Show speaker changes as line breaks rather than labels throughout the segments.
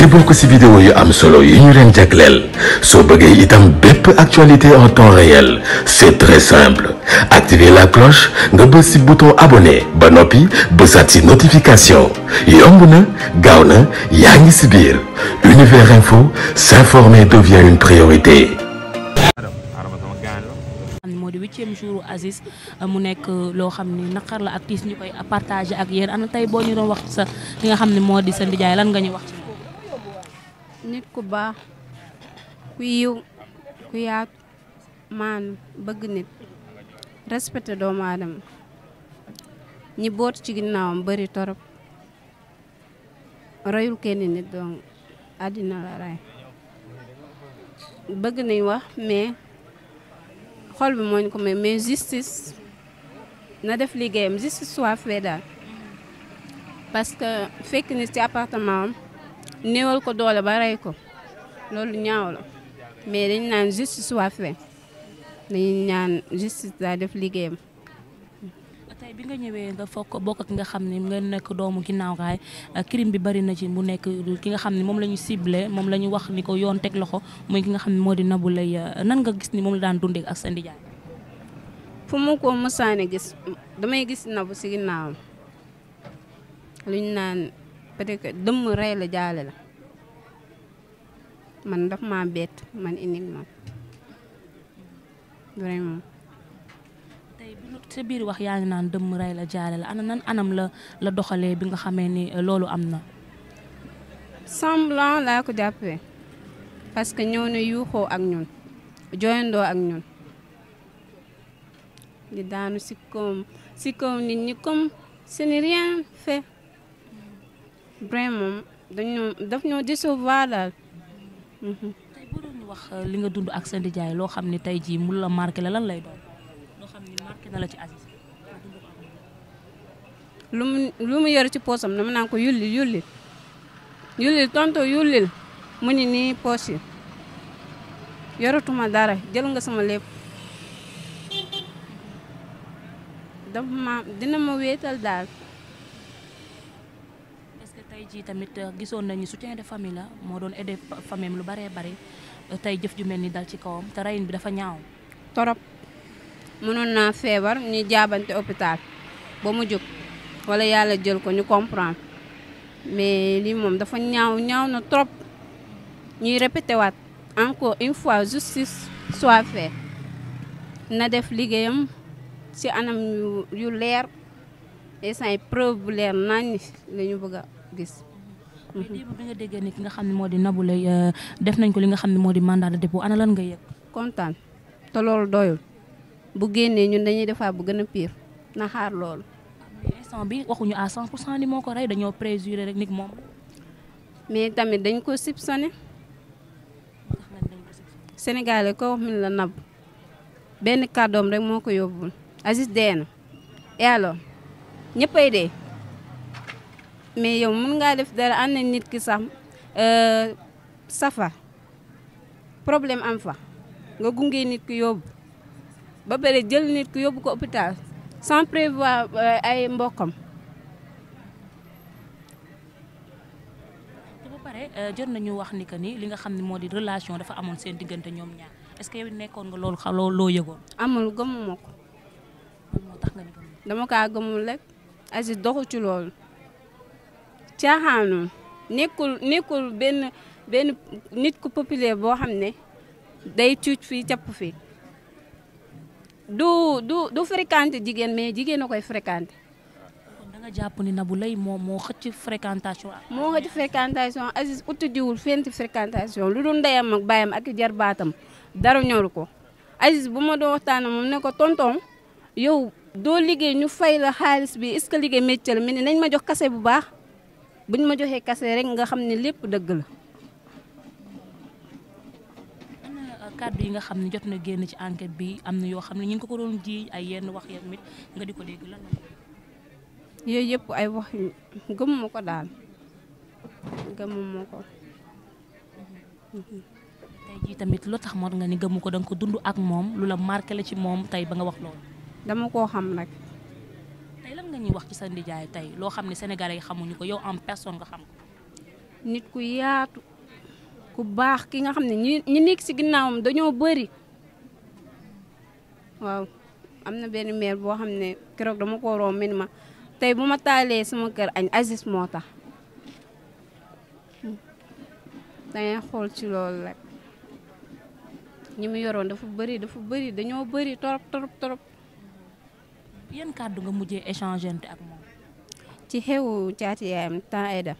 di bokk ci vidéo yu am solo yu ñu leen jagleel soo bëggee itam bépp actualité en temps réel c'est très simple activer la cloche nga bës ci bouton abonné ba noppi bësaat ci notification yomb na gaaw na yaa ngi ci biir univers info s'informer devient une priorité.
moo di mu nekk loo xam ni naqar la ak ak yéen ana tey boo ñu doon wax moo di sa nga ñu
nit ku baax ku yiw ku yaat maanu bëgg nit respecté doomu aadama ñi boot ci ginnaawam bari torop reyul kenn nit doon àddina la rey bëgg nañ wax mais xol bi mooñ ko may mais justice na def liggéeyam justice soit fait daal parce que fekk nit ci appartement am néewal ko doole ba ko loolu ñaaw la mais
dañ naan justice waa fe dañu ñaan justice daa def liggéeyam. tey bi nga ñëwee nga fokk bokk ak nga xam ne nga nekk doomu ginnaaw gaay euh, crime bi bari na ci bu nekk ki nga xam ne moom la ñu ciblé moom la ñu wax ni ko yoon teg loxo muy ki nga xam ne moo di Nabou Leye euh, nan nga gis ni moom la daan dundee ak sa ndijaay. fu mu ko mësaane gis
damay gis Nabou si ginnaawam luñ naan peut que dëmm rey la jaale la man daf ma bett man uniquement
vraiment. tey bi sa biir wax yaa ngi naan dëmm rey la jaale la ana nan anam la la doxalee bi nga xamee ni euh, loolu am na. semblant laa ko jàppee parce que ñëw na yuuxoo ak
ñun jooyandoo ak ñun di daanu si koom si koom nit ñi rien fait.
vraiment dañoo daf ñoo décevoir daal. Mhm. tey wax euh, li nga dund ak Sën Ndiaye loo xam ni tey jii mun la marqué la lan lay doon loo ci Aziz. lu mu lu ci poosam dama naan ko yullil yullil
yullil tonto yullil mu ni nii poos yi yoratuma dara jël nga sama lépp.
daf ma dina ma wetal daal. tey jii tamit euh, gisoon nañu soutien de famille la moo doon aidé famille lu baree bari euh, tey jëf ju mel ni dal ci kawam te reyin bi dafa ñaaw. torop mënoon
feebar ñu jaabante hôpital ba mu jóg wala yàlla jël ko ñu comprendre mais lii moom dafa ñaaw ñaaw na trop ñuy répété waat encore une fois justice soit faite na def liggéeyam si anam yu leer et sans preuve bu leer nañ la ñu bëgg gis. mais démb nga déggee ki nga
xam ne moo di Nabou euh, def nañ ko li nga xam ne moo di mandat de dépôt ana lan nga yëg.
kontaan te loolu doyul bu génnee ñun dañuy defaat bu gën a pire
na xaar loolu. instant bi waxuñu à 100 pour cent moo ko rey dañoo préjuré rek nit moom. mais tamit dañ ko soupçonné.
Sénégalais ko wax min la nab benn kàddoom rek moo ko yóbbul Aziz dee na et alors ñëppay mais yow mun ngaa def dara ànd nañ nit ki sax euh, safa problème am fa nga gunge nit ki yóbbu ba pare jël nit ki yóbbu ko hôpital sans prévoir euh, ay mbokkam
te bu euh, nañu wax ni que ni li nga xam ne moo di relation dafa amoon seen diggante ñoom ñaar est-ce que yow nekkoon nga loolu xa loo yëgoon.
amul gëmuma ko. moo tax nga ni dama gëmul rek Aziz doxu ci loolu. caaxaanul nekkul nekkul benn benn nit ku populaire boo xam ne
day cuuc fii capp fii du du du fréquenté jigéen mais jigéen a koy fréquenté. kon da nga jàpp ni Nabou Leye moo moo xëcc fréquentation. moo
xëcc fréquentation Aziz uti jiwul fenti fréquentation lu dul ndeyam ak baayam ak jarbaatam dara ñoru ko Aziz bu ma doon waxtaan moom ne ko tonton yow doo liggéey ñu fay la xaalis bi est-ce que liggéey métier la mu nañ ma jox kase bu baax. buñ ma joxee kase rek nga xam ne lépp dëgg la.
Euh, kàddu yi nga xam ne jot na génn ci enquête bi am na yoo xam ne ñu ngi ko ko doon ji ay yenn wax yam mit nga di ko dégg lan
yooyu yëpp ay wax gëmuma ko daal gëmuma ko. Mhm.
tey jii tamit lu tax moo nga ni gëmu ko danga ko dund ak moom lu la marqué la ci moom tey ba nga wax loolu. dama koo xam nag. tey lan ñuy wax ci sa ndijaay tey loo xam ne sénégalais yi xamuñu ko yow en personne nga xam ko.
nit ku yaatu ku baax ki nga xam ne ñi ñi nekk si ginnaawam dañoo bëri waaw am na benn maire boo xam ne keroog dama ko romb mel ma tey bu ma taalee sama kër añ Aziz moo tax dangay xool ci loolu rek ñi mu yoroon dafa bëri dafa bëri dañoo bëri torop torop torop. yan kàddu nga mujjee échanger ak moom. ci xewu caati yaayam temps Aida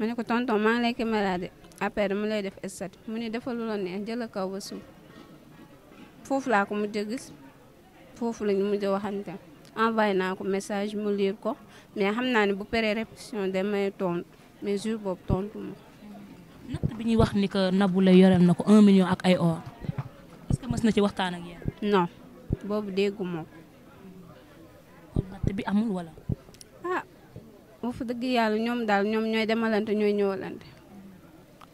ma ne ko tonton maa ngi lay de après mu lay def stat mu ne dafa lu la neex jël kaw ba suuf foofu laa ko mujjee gis foofu lañu mujjee envoyé naa ko message mu lire ko mais xam naa ne bu paree répétition damay tontu mais jour boobu tontu ma.
natt bi ñuy wax ni que nabula la na ko un million ak ay or est que mës na ci waxtaan ak
yéen. non boobu déggu ma bi amul wala. ah wax dëgg yàlla ñoom daal ñoom ñooy demalante ñooy ñëwalante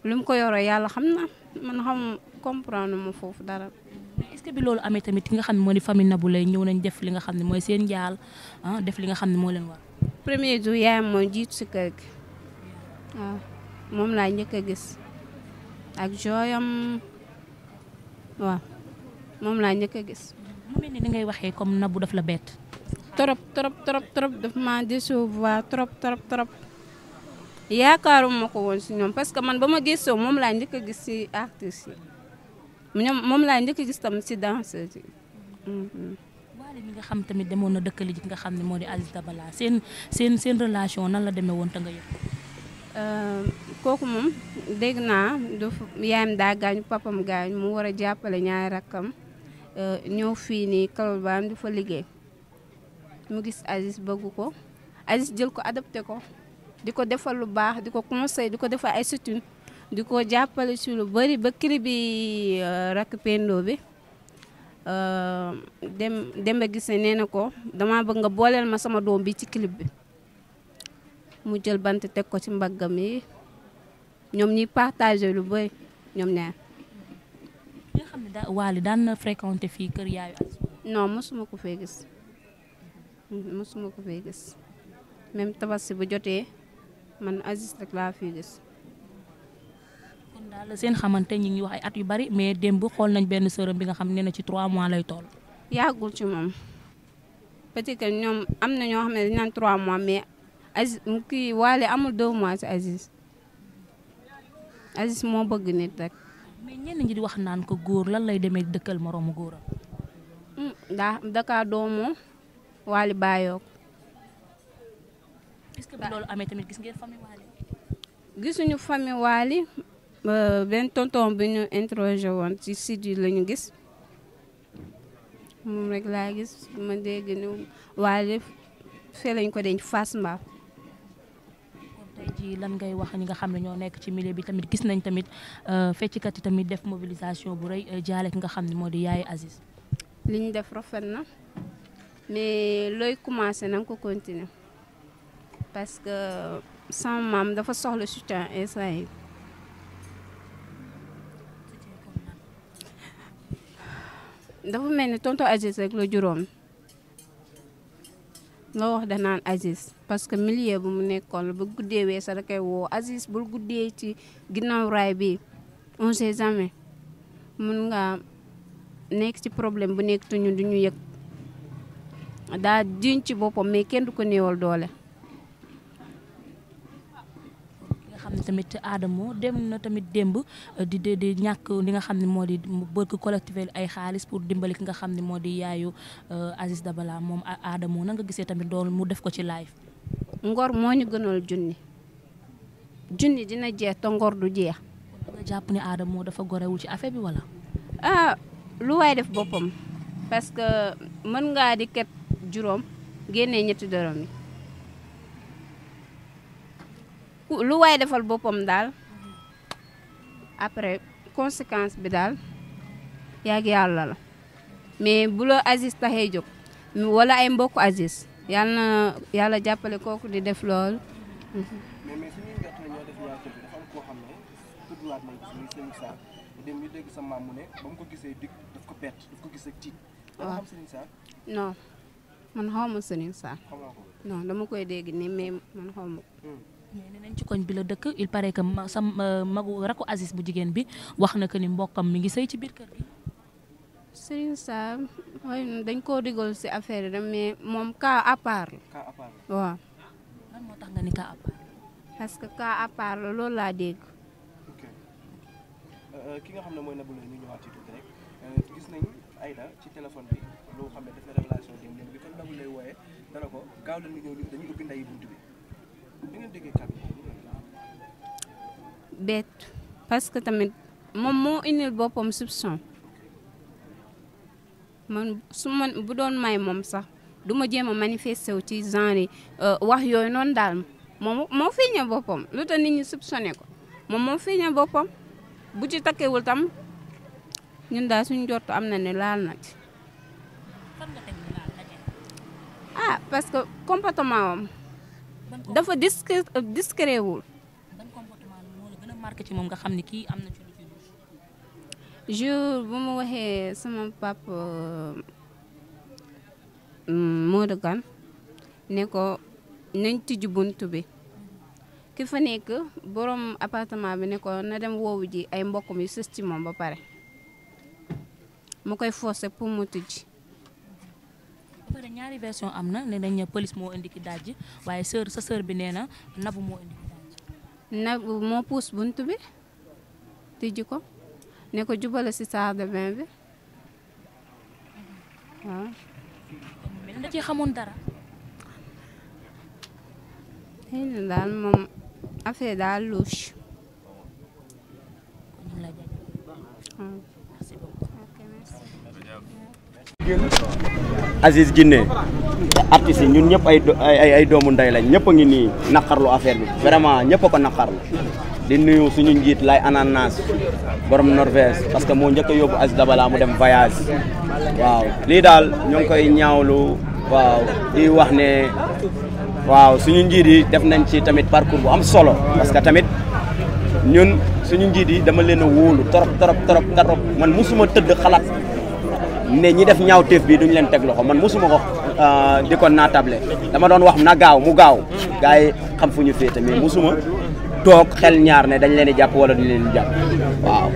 lu mu ko yoroo yàlla xam na man xam comprendre ma foofu dara.
mais est-ce que bi loolu amee tamit ki nga xam ne moo di famille Nabou Leye ñëw nañ def li nga xam ne mooy seen njaal ah def li nga xam ne moo leen war.
premier jour yaayam mooy jiitu si kër gi waaw ah, moom laa njëkk a gis ak jooyam waaw moom laa njëkk a gis. mu mel ni ngay waxee comme Nabou daf la bett. trop trop trop trop daf ma trop trop trop yaakaaruma ko woon si ñoom parce que man ba ma gëstoo moom laa ndi a gis si artistes
yi moom laa njëkk a gis tam si danseurs yi. Mm-hmm. waale nga xam tamit demoon na dëkkali ji nga xam ni moo di Aziz Dabala seen seen seen relation nan la demee woon te nga yëg.
Euh, kooku moom dégg naa du yaayam daa gaañu papam gaañu mu war a jàppale ñaari rakkam euh, ñëw fii nii Colobane du fa liggéey. mu gis Aziz bëggu ko Aziz jël ko adopté ko di ko defal lu baax di ko conseil di ko defal ay soutien di ko jàppale si lu bari ba kiri bi euh, rakk Pendo bi euh, dem dem ba gis ne nee na ko dama bëgg nga booleel ma sama doom bi ci clip bi mu jël bant teg ko ci mbaggam mi ñoom ñuy partagé lu bëri ñoom ñaar. nga xam ne
na fréquenté fii kër yaayu.
non mosuma ko fee gis. mosuma ko fay gis même tabaski bu jotee man Aziz rek laa fiy gis. kon
daal seen xamante ñi ngi wax ay at yu bari mais démb xool nañ benn sërëm bi nga xam ne na ci 3 mois lay toll.
yàggul ci moom parce que ñoom am na ñoo xam ne dañu naan 3 mois mais Aziz kii waale amul 2 mois ci Aziz
Aziz moo bëgg nit rek. mais ñenn ñi di wax naan ko góor lan lay demee dëkkal moroomu góoram.
Hmm, daa daka doomu. Waly baayoo ko.
que loolu amee tamit gis ngeen famille Waly.
gisuñu famille Waly benn tonton bi ñu interrogé woon ci site yi la ñu gis moom rek laa gis ma dégg ni
Waly fee lañ ko denc Fass tey jii lan ngay wax ñi nga xam ne ñoo nekk ci milieu bi tamit gis nañ tamit euh, feccikat yi tamit def mobilisation bu rëy euh, jaale ki nga xam ni moo di Yaay Aziz. li ñu def rafet na. mais
looy commencé na ko continuer parce que sama maam dafa soxla soutien Israël dafa mel ni tonton Aziz rek la juróom loo wax danaan Aziz parce que millier bu mu nekkoon la ba guddee weesa da koy woo Aziz bul guddee ci ginnaaw raay bi on sait jamais mun nga nekk ci problème bu nekk tuñu du ñu yëg daa
diñ ci boppam mais kenn du ko néewal doole. nga xam ne tamit Adamo dem na tamit demb euh, di di ñàkk li nga xam ne moo di bëgg collectif ay xaalis pour dimbali ki nga xam ni moo di yaayu euh, Aziz balaa moom Adamo na nga gisee tamit dool mu def ko ci live. ngor moo ñu gënal junni junni dina jeex te ngor du jeex. nga jàpp ne Adamo dafa gorewul ci affaire bi wala.
ah lu waay def boppam parce mën ngaa di ket juróom génne ñetti dërëm yi lu waaye defal boppam daal après conséquence bi daal yàgg yàlla la mais bu la Aziz taxee jóg wala ay mbokku Aziz yàlla na yàlla jàppale kooku di def lool.
dem ñu dégg sa ne ba ko gisee dikk daf ko bett tiit. waaw
man xaw ma Serigne dama koy dégg nii mais man xaw ko. Hmm. mais nee nañ
ci koñ bi la dëkk il paraît que ma magu rakku Aziz bu jigéen bi wax na que ni mbokkam mi ngi sëy ci biir kër gi.
Serigne Sarr dañ koo digal si affaire yi mais moom cas à part la. waaw.
moo tax nga ni cas à
parce que cas à la loolu laa dégg.
Euh, Aïda ci téléphone
que tamit moom moo indil boppam soupçon man su man bu doon may moom sax duma ma jéem a manifester wu ci genre euh, wax yooyu noonu daal moom moo feeñee boppam lu tax nit ñi soupçonné ko moom moo feeñee boppam bu ci takkewul tam ñun daal suñu jot am na ne laal na ah parce que comportement am. dafa discré discret wul.
ban comportement ci moom nga xam ne kii am na ci
lu ci waxee sama papa euh, Modou Kane ne ko nañ tijji buntu bi. ki fa nekk borom appartement bi ne na dem woowu ji ay mbokk mi sës ci moom ba pare.
ma koy forcer pour mu tijji. pare ñaari version am na ne nañ police moo indi ki dajji waaye sœur sa sœur bi nee na nabu moo indi ki dajji.
nabu moo puus bunt bi tijji ko ne ko jubale si salle de bi waaw.
ci xamoon dara.
xëy na
Aziz Guinée artistes yi ñun ñëpp ay doomu ndey lañ ñëpp a ngi nii naqarlu affaire bi vraiment ñëpp ko naqarlu di nuyu suñu njiit lay ananas borom Norvège parce que moo njëkk a yóbbu Aziz Dabala mu dem voyage waaw lii daal ñoo ngi koy ñaawlu waaw di wax ne waaw suñu njiit yi def nañ ci tamit parcours bu am solo parce que tamit ñun suñu njiit yi dama leen a wóolu torop torop torop torop man musuma tëdd xalaat ne ñi def ñaaw ñaawteef bi duñ leen teg loxo man mosuma ko euh, di ko naatable dama doon wax na gaaw mu gaaw gars yi xam fu ñu féete mais mosuma toog xel ñaar ne dañ leen di jàpp wala duñ leen di jàpp waaw.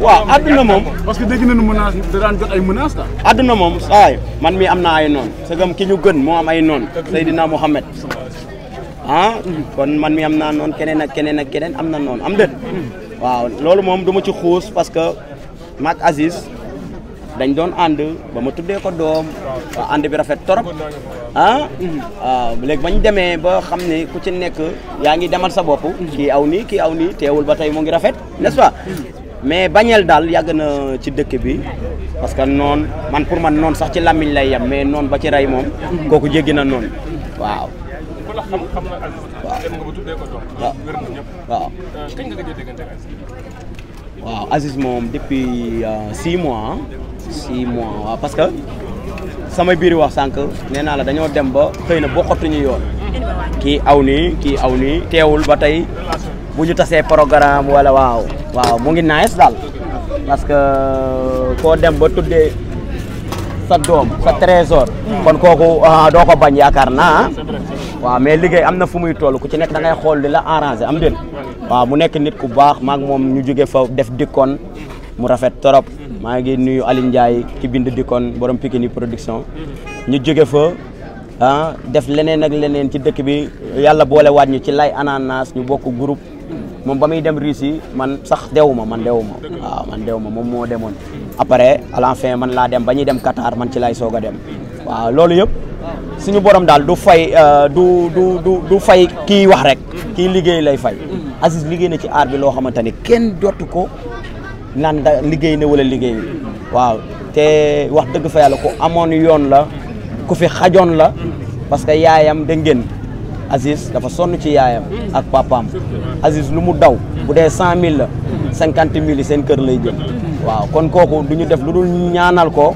waaw adduna moom. parce que da daan jot ay menaces adduna moom saay man mi am naa ay noon. sëgam ki ñu gën moo am ay noon. Seydina Mohamed. ah kon man mi am na noonu keneen ak keneen ak keneen am na noon am dët waaw loolu moom du ci xuus parce que maak asis dañ doon ànd ba ma tuddee ko doom waaw ànd bi rafet torop ah waaw léegi bañ demee ba xam ne ku ci nekk yaa ngi demal sa bopp kii aw nii kii aw nii teewul ba tey mu ngi rafet n'est-ce mais bañeel daal yàgg na ci dëkk bi parce que noon man pour man noonu sax ci làmmiñ lay yem mais noonu ba ci rey moom kooku jéggi na noonu waaw
waaw dem a déggante ak Aziz.
moom depuis 6 euh, mois. 6 mois waaw parce que sama biir wax sànq nee naa la dañoo dem ba xëy na bokkatuñu yoon. kii aw nii kii aw nii teewul ba tey bu ñu tasee programme wala waaw. waaw mu ngi nice daal parce que euh, koo dem ba tuddee sa doom sa trésor hmm. kon kooku ah, doo ko bañ yaakaar naa. waaw mais liggéey am na fu muy toll ku ci nekk da ngay di la arrangé am déet waaw mu nekk nit ku baax maak moom ñu jóge fa def dikkoon mu rafet torop maa ngi nuyu Aline Ndiaye ki bind dikkoon borom Pikini production ñu jóge fa ah def leneen ak leneen ci dëkk bi yàlla boole waat ñu ci lay ananas ñu bokk group moom ba muy dem Russie man sax dewuma man dewuma waaw man ma moom moo demoon après à la man laa dem ba ñuy dem Qatar man ci lay soog a dem waaw loolu yëpp suñu borom daal du fay euh, du du du du fay kiy wax rek kii liggéey lay fay Aziz liggéey na ci aar bi loo xamante ni kenn jotu ko naan liggéey na wala liggéey waaw te wax dëgg fa yàlla ku amoon yoon la ku fi xajoon la parce que yaayam da ngeen Aziz dafa sonn ci yaayam ak papaam Aziz lu mu daw bu dee cent mille la cinquante mille seen kër lay jëm waaw kon kooku du ñu def lu dul ñaanal ko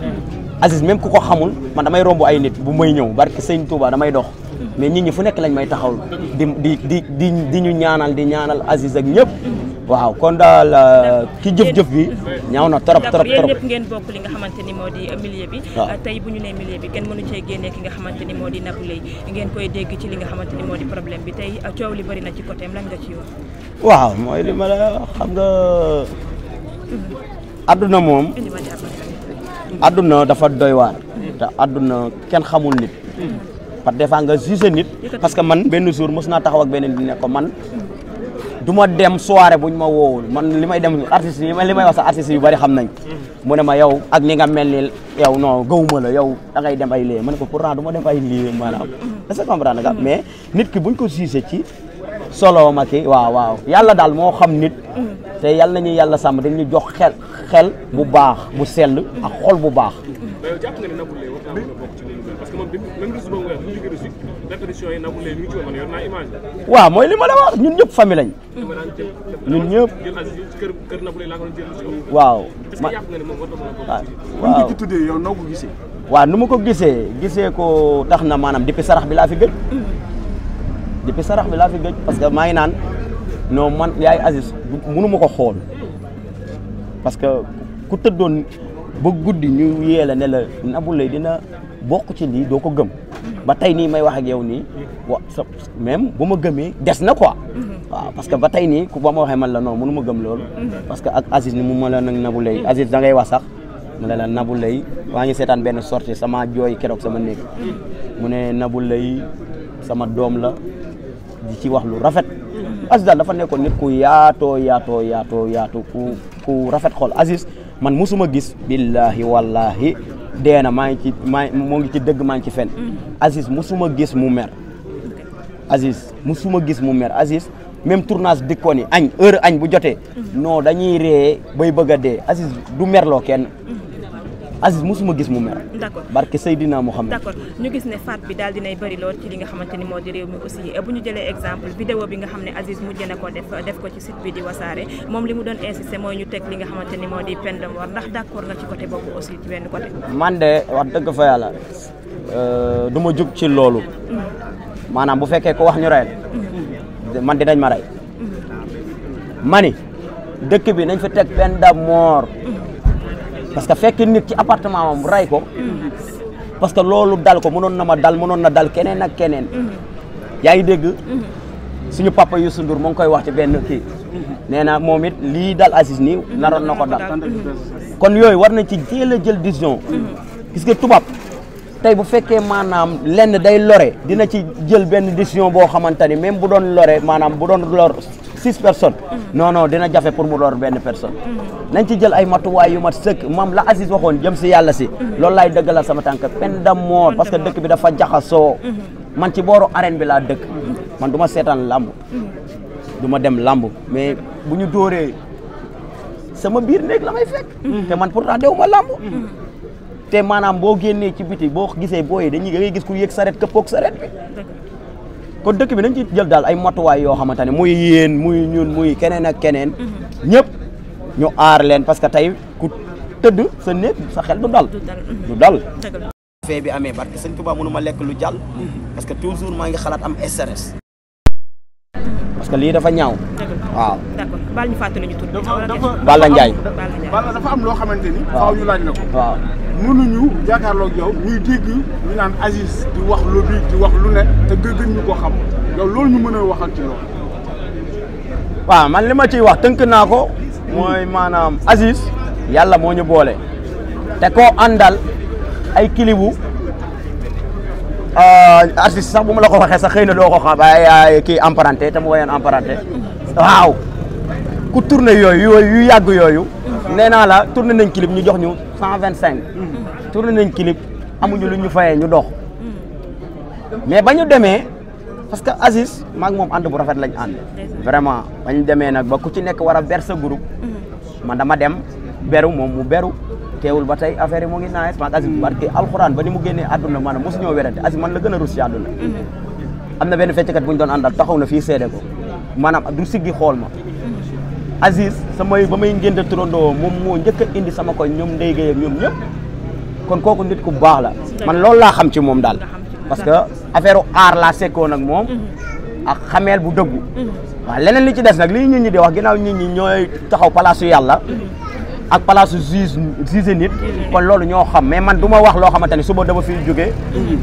Aziz même ku ko xamul man damay romb ay nit bu may ñëw barke sëñ Touba damay dox mais nit ñi fu nekk lañ may taxawul di di di di di ñu ñaanal di ñaanal Aziz ñëpp waaw kon daal euh, ki jëf-jëf bi ñaaw na torop trop trop ñëpp
ngeen bokk li nga xamante ni moo di milieu bi euh, tey bu ñu ne milieu bi kenn mënu cee génnee ki nga xamante ni moo di Nabou Leye ngeen koy dégg ci li nga xamante ni moo di problème bi tey euh, coow li bëri na ci côté lan nga ci wax
waaw mooy li ma la xam nga mm-hmm. adduna moom adduna dafa doy waar te adduna kenn xamul nit parce que des fois nga jugé nit parce que man benn jour mos naa taxaw ak beneen di ne ko man du ma dem soirée buñ ma woowul man li may dem artistes yi li may wax yu bari xam nañ mu ne ma yow ak ni nga mel ni yow non gawuma la yow ngay dem ay lii ma ne ko pourtant du ma dem ay lii maanaam est-ce que comprendre nga mais nit ki buñ ko jugé ci solo ma ki waaw waaw yàlla daal moo xam nit te yàlla nañu yàlla sàmm dañu jox xel xel bu baax bu sell a xol bu baax. waaw mooy li ma la wax ñun ñëpp famille lañ. ñun ñëpp. waaw. ma ah, waaw. waaw nu ma ko gisee gisee ko tax na maanaam depuis sarax bi laa fi gëj. depuis sarax bi laa fi gëj parce que maa ngi naan non man yaay Aziz mënu ma ko xool. parce que ku tëddoon ba guddi ñu yee la ne la Nabou Leye dina bokk ci lii doo ko gëm ba tey nii may wax ak yow nii wa même bu ma gëmee des na quoi waaw parce que ba tey nii ku ba ma waxee man la non mënu ma gëm loolu parce que ak Aziz ni mu ma la nag Nabou Leye Aziz da ngay wax sax mu ne la Nabou Leye waa ngi seetaan benn sortie sama jooy keroog sama néeg mu ne Nabou lay sama doom la di ci wax lu rafet Aziz daal dafa nekkoon nit ku yaatoo yaatoo yaatoo yaato ku ku rafet xol Aziz man musuma gis billahi wallahi deena maa ngi ci maa moo ngi ci dëgg maa ngi ci fen mm. Aziz musuma gis mu mer Aziz musuma gis mu mer Aziz même tournage ko ni añ heure añ bu jote mm. non dañuy ree bay bëgg a dee Aziz du merloo kenn mm. Aziz suma gis mu mer. d'accord barke Seydina Mohamed. d'accord
ñu gis ne faat bi daal dinay bëri lool ci li nga xamante ni moo di réew mi aussi bu ñu jëlee exemple vidéo bi nga xam ne Aziz mujj na ko def def ko ci site bi di wasaare moom li mu doon insisté mooy ñu teg li nga xamante moo di peine de mort ndax d'accord nga ci côté boobu aussi
man de wax dëgg fa yàlla euh, du ma jug ci loolu. maanaam bu fekkee ko wax ñu rey man dinañ ma rey.
Mm-hmm.
mani dëkk bi nañ fa teg peine de mort. parce que fekk nit ci appartement mu ray ko parce que loolu dal ko mënoon na ma dal mënoon na dal keneen ak keneen yaa ngi dégg suñu papa Youssou Ndour mu ngi koy wax ci benn kii nee na moom it lii dal Aziz ni naroon na ko dal kon yooyu war nañ ci jéel a jël décision gis nga tubaab tey bu fekkee maanaam lenn day lore dina ci jël benn décision boo xamante ni même bu doon lore maanaam bu doon lor six personnes non non dina jafe pour mu lor benn personne nañ ci jël ay matuwaay yu mat sëkk mam la Aziz waxoon jëm si yàlla si loolu laay dëggalal sama tànk peine de parce que dëkk bi dafa jaxasoo man ci booru arène bi laa dëkk man du ma seetaan duma dem làmb mais bu ñu dóoree sama biir néeg la may te man pourtant dew ma làmb te maanaam boo génnee ci biti boo gisee booyi dañuy da ngay gis ku yëg saret këppoog saret bi kon dëkk bi nañ ci jël daal ay matuwaay yoo xamante ne muy yéen muy ñun muy keneen ak keneen. Mm-hmm. ñëpp ñu aar leen parce que tey ku tëdd sa néeg sa xel du dal. du dal bi amee barke sëñ Tuubaa mënuma lekk lu jàll. Mm-hmm. parce que toujours maa ngi xalaat am stress. parce que lii dafa ñaw waaw d'accord baal ñu Balla dafa am loo xamante ni. waaw. mënuñu jàkkaarloog yow ñuy dégg ñu naan Aziz di wax lu bi di wax lu ko xam loolu ñu mën a waxal ci loolu. waaw man li ma ci wax tënk naa ko mooy maanaam Aziz yàlla moo ñu boole te ko àndal ay kilibu euh, artiste sax bu ma la ko waxee sax xëy na doo ko xam ay kii emprunté te mu woyoon emprunté waaw ku tourné yooyu yu yàgg yooyu. nee naa la tourné nañ clip ñu jox ñu cent vingt cinq tourné nañ clip amuñu lu ñu fayee ñu dox mais ba ñu demee parce que Aziz maak moom ànd bu rafet lañ ànd vraiment ba ñu demee nag ba ku ci nekk wara a ber sa groupe man dama dem beru moom mu beru teewul ba tey affaire moo mu ngi naes maak Aziz barke alxuraan ba ni mu génnee àdduna maanaam mosu ñoo werante Aziz man la gën a rus ci mm-hmm. am na benn fecckat bu ñu doon àndal taxaw na fii seede ko maanaam du siggi xool ma Aziz samay ba may ngénte turandoo moom moo njëkk a indi sama ko ñoom Ndeye Gueye ak ñëpp kon kooku nit ku baax la man loolu laa xam ci moom daal parce que affaire u aar laa sekkoon nag moom a xameel bu dëggu waaw leneen li ci des nag li nit ñi di wax ginnaaw nit ñi ñooy taxaw palaasu yàlla ak palaasu juge juge nit kon loolu ñoo xam mais man du ma wax loo xamante ni suba dama fiy jógee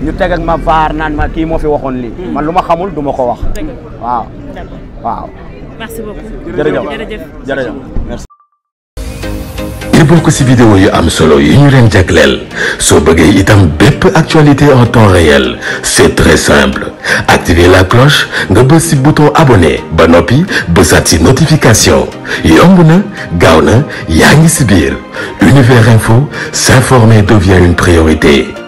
ñu teg ak ma vaar naan ma kii moo fi waxoon lii man lu ma xamul duma ko wax waaw waaw merci beaucoup jërëjëf jërëjëf jërëjëf merci. ngir bokk vidéo yu am solo yu ñu leen jagleel soo bëggee itam bépp actualité en temps réel c'est très simple activer la cloche nga bës ci bouton abonné ba noppi bësaat
ci notification yomb na gaaw na yaa ngi ci biir univers info s'informer devient une priorité.